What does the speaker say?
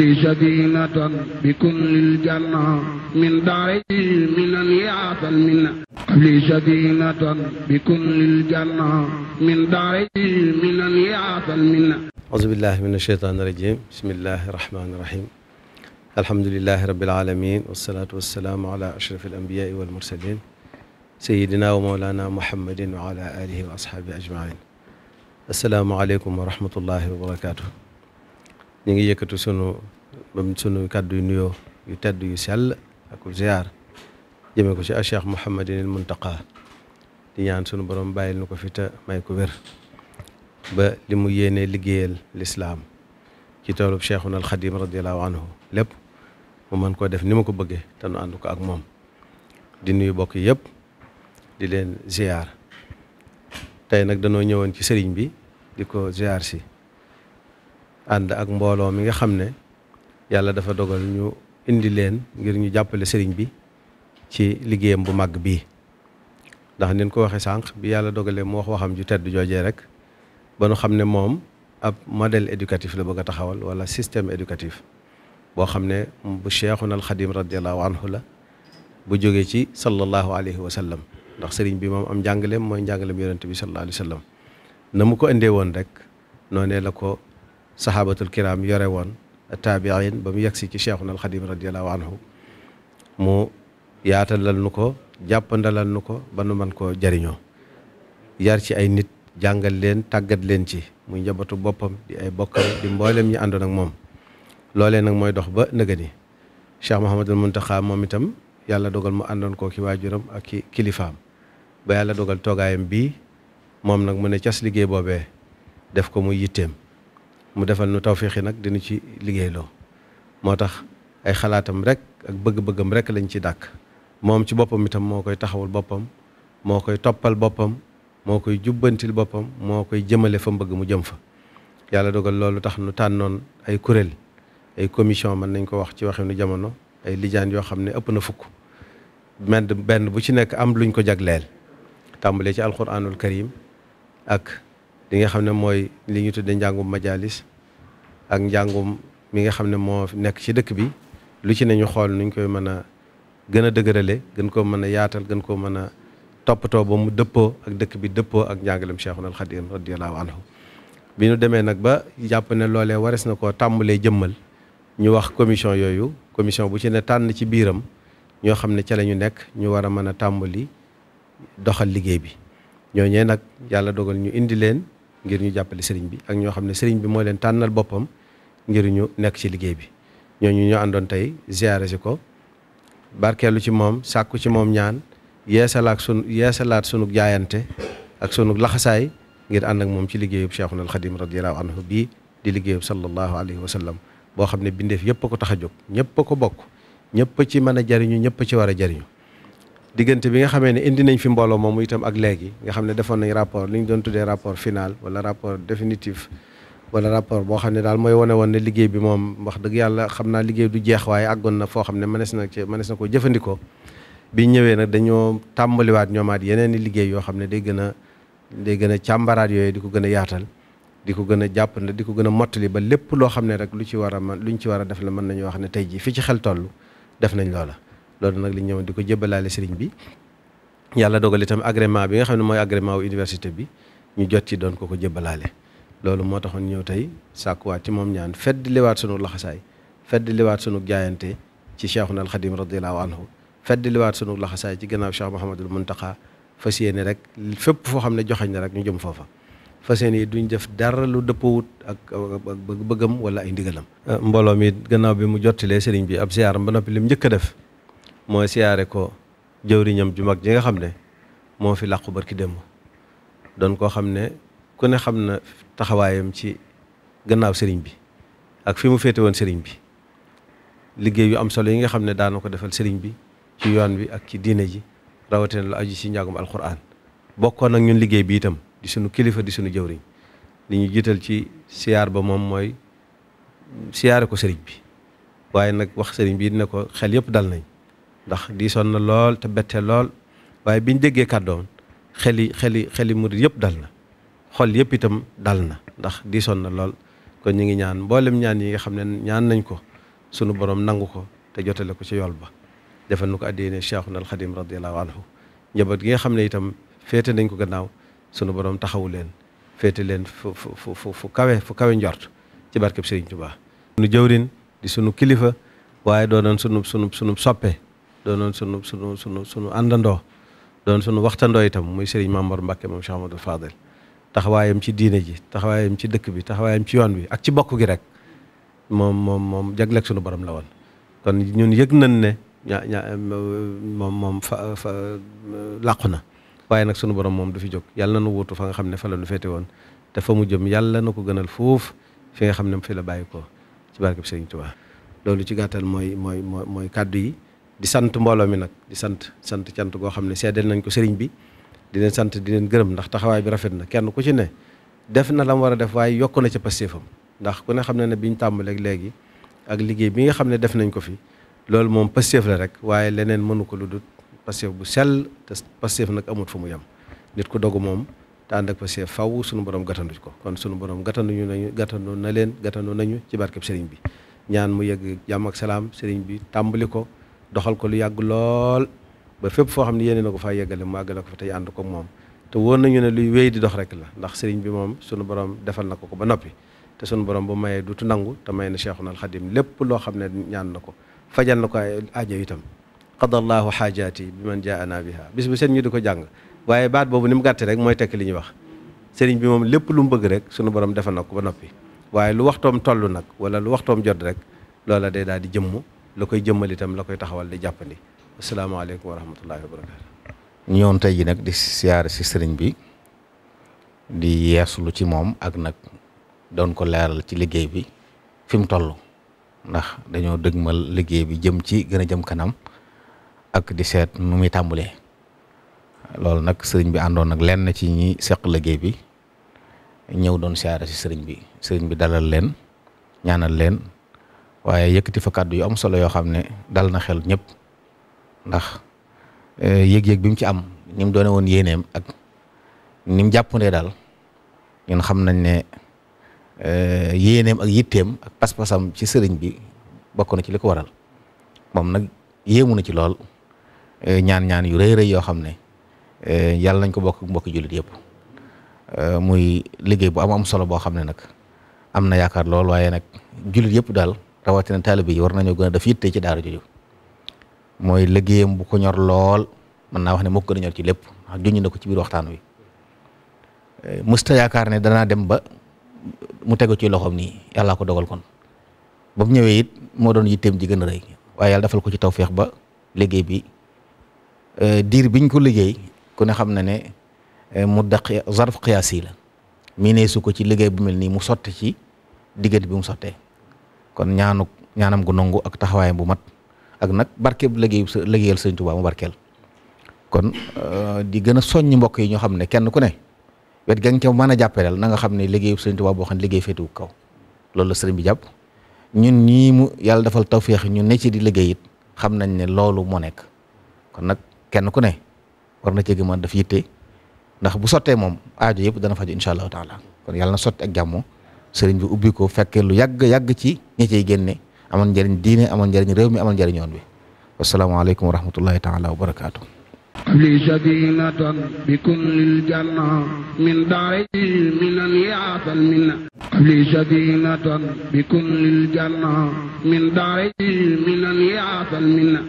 li sadinatan bi kullil janna min daari minan yaatal minna li sadinatan bi kullil janna min daari minan yaatal minna auzu billahi min asheytaani irajim bismillahi irrahmani irrahim alhamdulilahi rabbil alamin wassalaatu wassalaamu ala ashraf alambiyaai walmursalin sayidina wa mawlana muhammadin wa ala alihi wa ashaabihi ajmain assalaamu aleykum wa rahmatullahi wa barakatuh ñu ngi yëkkatu sunu sunu kàddu yu nuyoo yu tedd yu sell ak ziar jëmee ko ci Cheikh Mouhamadinil Muntaqa di ñaan sunu borom bàyyil nu ko fi te may ko wér ba li mu yéenee liggéeyal lislaam ci toolub Cheikhuna al Xadim radiallahu anhu lépp mu mën koo def ni ma ko bëggee te nu ànd ko ak moom di nuyu bokk yëpp di leen ziar tey nag danoo ñëwoon ci sëriñ bi di ko ziar si ànd ak mbooloo mi nga xam ne yàlla dafa dogal ñu indi leen ngir ñu jàppale sëriñ bi ci liggéeyam bu màgg bi ndax nin ko waxee sànq bi yàlla dogalee mu wax waxam ju tedd joojee rek ba nu xam ne moom ab modèle éducatif la bëgg a taxawal wala système éducatif boo xam ne bu Cheikhuna al Xadim radiallahu anhu la bu jógee ci sallallahu alayhi wa sallam ndax sëriñ bi moom am njàngaleem mooy njàngaleem yonent bi sallallahu alayhi wa sallam na mu ko indee woon la saxaabatul kiraam yore woon taabiin ba mu yegsi ci cheikhuna alxadim radiallahu anhu mu yaatalal nu ko jàppandalal nu ko ba nu mën koo jariñoo yar ci ay nit jàngal leen tàggat leen ci muy njabatu boppam di ay bokkam di mboolem ñi àndoon ak moom looleen nag mooy dox ba nëga ni cheikh Mouhamadul Muntaxa moom itam yàlla dogal mu àndoon koo ki waajuram ak ki kilifaam ba yàlla dogal toogaayam bii moom nag mu ne cas liggéey boobee def ko muy yitteem mu defal nu tawféex yi nag dinu ci liggéeyloo moo tax ay xalaatam rek ak bëgg-bëggam rek lañ ci dàkk moom ci boppam itam moo koy taxawul boppam moo koy toppal boppam moo koy jubbantil boppam moo koy jëmale fa mbëgg mu jëm fa yàlla dogal loolu tax nu tànnoon ay kuréel ay commission mën nañ ko wax ci waxinu jamono ay lijaan yoo xam ne ëpp na fukk benn bu ci nekk am luñ ko jagleel tàmbalee ci alquranul karim ak li nga xam ne mooy li ñu tudde njàngum majalis ak njàngum mi nga xam ne moo nekk ci dëkk bi lu ci ñu xool nuñ koy mën a gën a dëgërale gën koo mën a yaatal gën koo mën a toppatoo ba mu dëppoo ak dëkk bi dëppoo ak njàngalem Cheikhul Khadim radiyallahu anhu bi ñu demee nag ba jàpp ne loolee warees na koo tàmbalee jëmmal ñu wax commission yooyu commission bu ci ne tànn ci biiram ñoo xam ne ca la ñu nekk ñu war a mën a tàmbali doxal liggéey bi ñooñee nag yàlla dogal ñu indi leen ngir ñu jàppale sëriñ bi ak ñoo xam ne sëriñ bi moo leen tànnal boppam ngir ñu nekk ci liggéey bi ñoo ñu ñu àndoon tey ziyaare si ko barkeelu ci moom sàkku ci moom ñaan yeesalaak sunu yeesalaat sunu jaayante ak sunu laxasaay ngir ànd ak moom ci liggéeyub Cheikhuna al Xadim radiyallahu anhu bii di liggéeyub sallallahu alayhi wa sallam boo xam ne bindeef yëpp a ko tax a jóg ñëpp a ko bokk ñëpp ci mën a jariñu ñëpp ci war a jariñu diggante bi nga xamee ne indi nañ fi mbooloo moom itam ak léegi nga xam ne defoon nañ rapport li ñu doon tuddee rapport final wala rapport définitif wala rapport boo xam ne daal mooy wane woon ne liggéey bi moom wax dëgg yàlla xam naa liggéey du jeex waaye àggoon na foo xam ne mënees na cee mënees na ko jëfandikoo bi ñëwee nag dañoo tàmbaliwaat ñoomaat yeneen i liggéey yoo xam ne day gën a day gën a càmbaraat yooyu di ko gën a yaatal di ko gën a jàpp ne di ko gën a mottali ba lépp loo xam ne rek lu ci war a mën luñ ci war a def la mën nañu ne tey jii fi ci xel toll def nañ loola loolu nag li ñëw di ko jëbbalaale sëriñ bi yàlla dogal itam agrément bi nga xam ne mooy agrément université bi ñu jot ci doon ko ko jëbbalaale loolu moo tax taxoon ñëw tey sàkkuwaat ci moom ñaan fedd liwaat sunu laxasaay fedd liwaat sunu jaayante ci Cheikhuna al Xadim radiallahu anhu fedd liwaat sunu laxasaay ci gannaaw Cheikh Mouhamadul Muntaqa fas yéene rek fépp foo xam ne joxañ ne rek ñu jëm foofa fas yéene yi duñ def dara lu dëppawut ak bëggam wala ay ndigalam. mbooloo mi gannaaw bi mu jottilee sëriñ bi ab ziaram ba noppi lim njëkk a def mooy siyaare ko jëwriñam ju mag ji nga xam ne moo fi làqu barki dem doon koo xam ne ku ne xam na taxawaayam ci gannaaw sëriñ bi ak fi mu féete woon sëriñ bi liggéey yu am solo yi nga xam ne daana ko defal sëriñ bi ci yoon bi ak ci diine ji rawatina lu aju ci njàngum alquran bokkoon ak ñun liggéey bi itam di sunu kilifa di sunu jëwriñ li ñu jiital ci siyaar ba moom mooy siyaare ko sëriñ bi waaye nag wax sëriñ bi ne ko xel yëpp dal nañ ndax diisoon na lool te bette lool waaye biñ déggee kàddoom xeli xeli xeli murit yëpp dal na xol yëpp itam dal na ndax diisoon na lool kon ñu ngi ñaan mboolem ñaan yi nga xam ne ñaan nañ ko sunu borom nangu ko te jotale ko ci yool ba defal nu ko addiyéene Cheikhuna al Xadim radiallahu anhu njaboot gi nga xam ne itam féete nañ ko gannaaw sunu borom taxawu leen féete leen fu fu fu fu kawe fu kawe njort ci barkeb Serigne Touba. sunu jëwrin di sunu kilifa waaye doonoon sunu sunu sunu soppe doonoon sunu sunu sunu sunu àndandoo doon sunu waxtandoo itam muy Serigne Mamor Mbacke moom Cheikh Amadou Fadel taxawaayam ci diine ji taxawaayam ci dëkk bi taxawaayam ci yoon bi ak ci bokk gi rek moom moom moom jagleeg sunu borom la woon kon ñun yëg nañ ne ña ña moom moom fa fa làqu na waaye nag sunu borom moom du fi jóg yàlla na nu wuutu fa nga xam ne fa la nu féete woon te fa mu jëm yàlla na ko gënal foofu fi nga xam ne fi la bàyyi ko ci barkeb Serigne Touba loolu ci gàttal mooy mooy mooy kàddu yi di sant mbooloo mi nag di sant sant cant goo xam ne seedeel nañ ko sëriñ bi di sant di gërëm ndax taxawaay bi rafet na kenn ku ci ne def na la mu war a def waaye yokk na ca pastéefam ndax ku ne xam ne ne bi ñu tàmbaleeg léegi ak liggéey bi nga xam ne def nañ ko fi loolu moom pastéef la rek waaye leneen mënu ko lu dul pastéef bu sell te pastéef nag amut fu mu yem nit ku dogu moom te ànd ak pastéef faw suñu borom gàttandu ko kon suñu borom gàttanduñu nañu gàttandu na leen gàttandu nañu ci barkeb sëriñ bi ñaan mu yegg jàmm ak salaam sëriñ bi tàmbali ko doxal ko lu yàgg lool ba fépp foo xam ne yéene na ko fa yeggale mu àggale ko fa tey ànd ko moom te wóor nañu ne luy wéy di dox rek la ndax sëriñ bi moom sunu borom defal na ko ko ba noppi te sunu borom bu mayee dutu nangu te may na Cheikhuna al Xadim lépp loo xam ne ñaan na ko fajal na ko ay aajo itam qadallahu xaajaati bi man jaana biha bis bu seen ñu di ko jàng waaye boobu ni mu gàtte rek mooy tekk li ñuy wax sëriñ bi moom lépp lu mu bëgg rek sunu borom defal na ko ba noppi waaye lu waxtoom tollu nag wala lu waxtoom jot rek loola day daal di jëmm la koy jëmmal itam la koy taxawal di jàppandi asalaamaaleykum wa rahmatullahi wa barakaatu. ñoon tey ji nag di siyaare si sëriñ bi di yeeslu ci moom ak nag doon ko leeral ci liggéey bi fi mu toll ndax dañoo dëgmal liggéey bi jëm ci gën a jëm kanam ak di seet nu muy tàmbulee loolu nag sëriñ bi àndoon nag leen lenn ci ñi seq liggéey bi ñëw doon siyaare si sëriñ bi sëriñ bi dalal leen ñaanal leen. waaye yëkkati fa kàddu yu am solo yoo xam ne dal na xel ñëpp ndax eh, yëg-yëg bi mu ci am ni mu doone woon yéeneem ak ni mu jàppandee daal ñun xam nañ ne eh, yéeneem ak yitteem ak pas-pasam ci sëriñ bi bokk na ci liko ko waral moom nag yéemu na ci lool eh, ñaan-ñaan yu rëy rëy yoo xam ne yàlla nañ ko bokk mbokki jullit yëpp muy liggéey bu am am solo boo xam ne nag am na yaakaar lool waaye nag jullit yëpp daal rawatina taalibe yi war nañoo gën a def yitte ci daara jooju mooy liggéeyam bu ko ñor lool mën naa wax ne moo ko gën a ñor ci lépp ndax junj na ko ci biir waxtaan wi eh, musta yaakaar ne danaa dem ba mu tegu ci loxoom nii yàlla ko dogal kon ba mu ñëwee it moo doon yitteem ji gën a rëy waaye yàlla defal ko ci tawféex ba liggéey bi eh, diir biñ ko liggéey ku ne xam na ne eh, mu daq zarf qiyaasi la miinee su ko ci liggéey bu mel nii mu sotti ci diggante bi mu sottee. kon ñaanuk ñaanam gu nangu ak taxawaayam bu mat ak nag barkeeb liggéey sa liggéeyal sëñ Tuubaa mu barkeel kon euh, di gën a soññ mbokk yi ñoo xam ne kenn ku ne wet ga nga a jàppaleel na nga xam ne liggéeyu sëñ Tuubaa boo xam ne liggéey féetu kaw loolu la sëriñ bi jàpp ñun ñii mu yàlla defal tawféex ñu ne ci di liggéey xam nañ ne loolu moo nekk kon nag kenn ku ne war na cee gën a def yitte ndax bu sottee moom aajo yëpp dana faju incha allahu taala kon yàlla na sotti ak jàmm sëriñ bi ubbi ko fekkee lu yàgg yàgg ci ñi ciy génne amoon njëriñ diine amoon njëriñ réew mi amoon njëriñ yoon bi wasalaamaaleykum wa rahmatullahi taala wa barakaatu. li bi kullil janna min daari minan yaatal minna